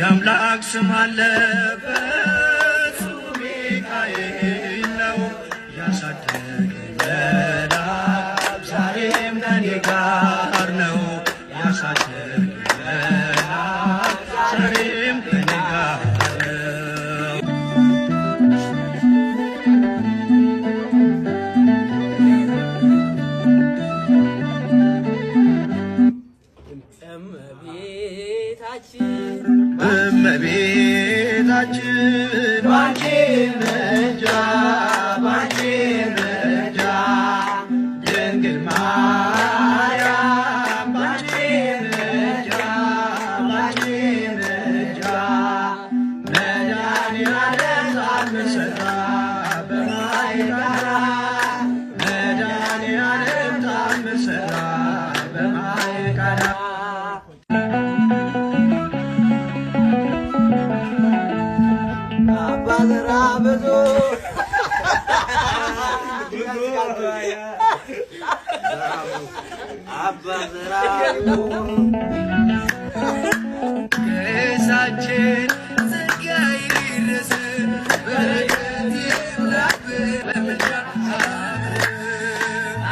የአምላክ ስም አለበት ሚካኤል ነው ያሳደገ እመቤታችን አባዝራሉ ገሳችን ጸጋ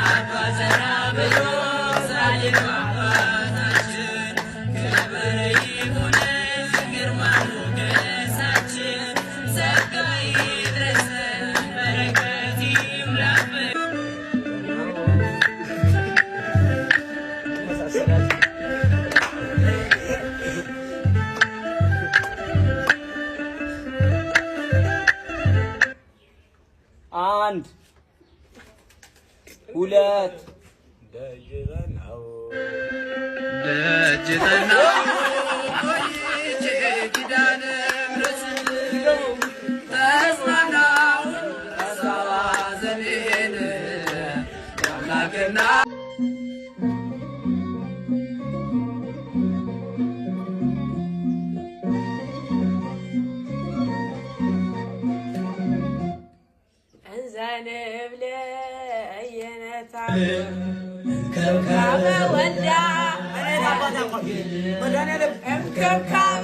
አባዘራ ብሎ ዛሌ አባታችን ክብር ይሁን አንድ ሁለት ደጅ ጠናው እንከብካበ ወልዳ እንከብካበ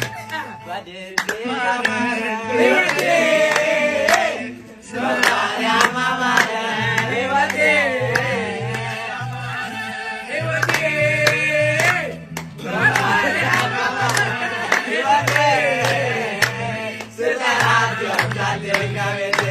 Deus, cabeça.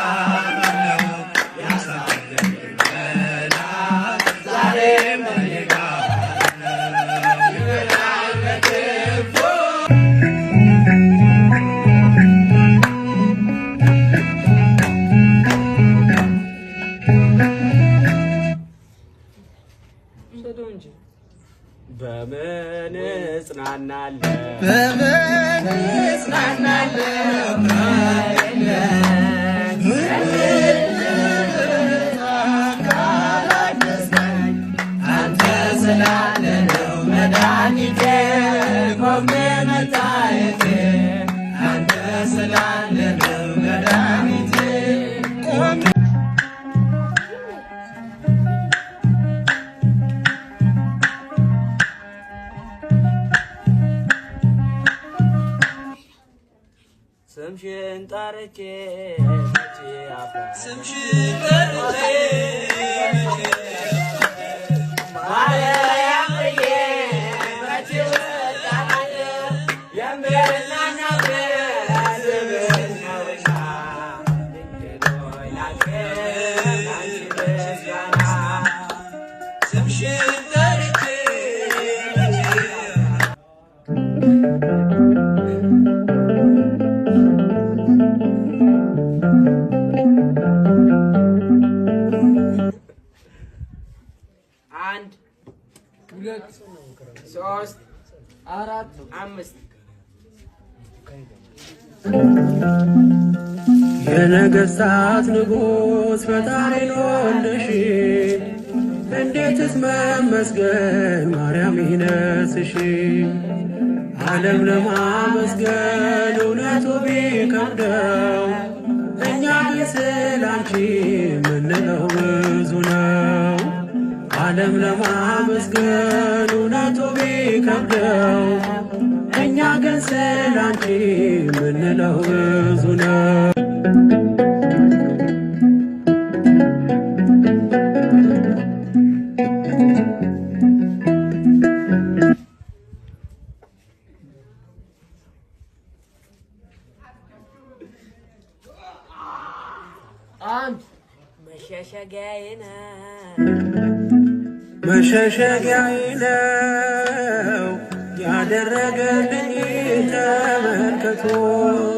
መቼ መቼ thank you አንድ ሁለት ሶስት አራት አምስት የነገሥታት ንጉሥ ፈጣሪ ወንድሽ እንዴትስ መመስገን ማርያም ይነስሽ ዓለም ለማመስገን እውነቱ ቢከብደው እኛ ስላንቺ የምንለው ብዙ ነው። ዓለም ለማመስገን እውነቱ ቢከብደው እኛ ግን ስላንቺ የምንለው ብዙ ነው። መሸሸጊያዬ ነው ያደረገልኝ ተመልከቶ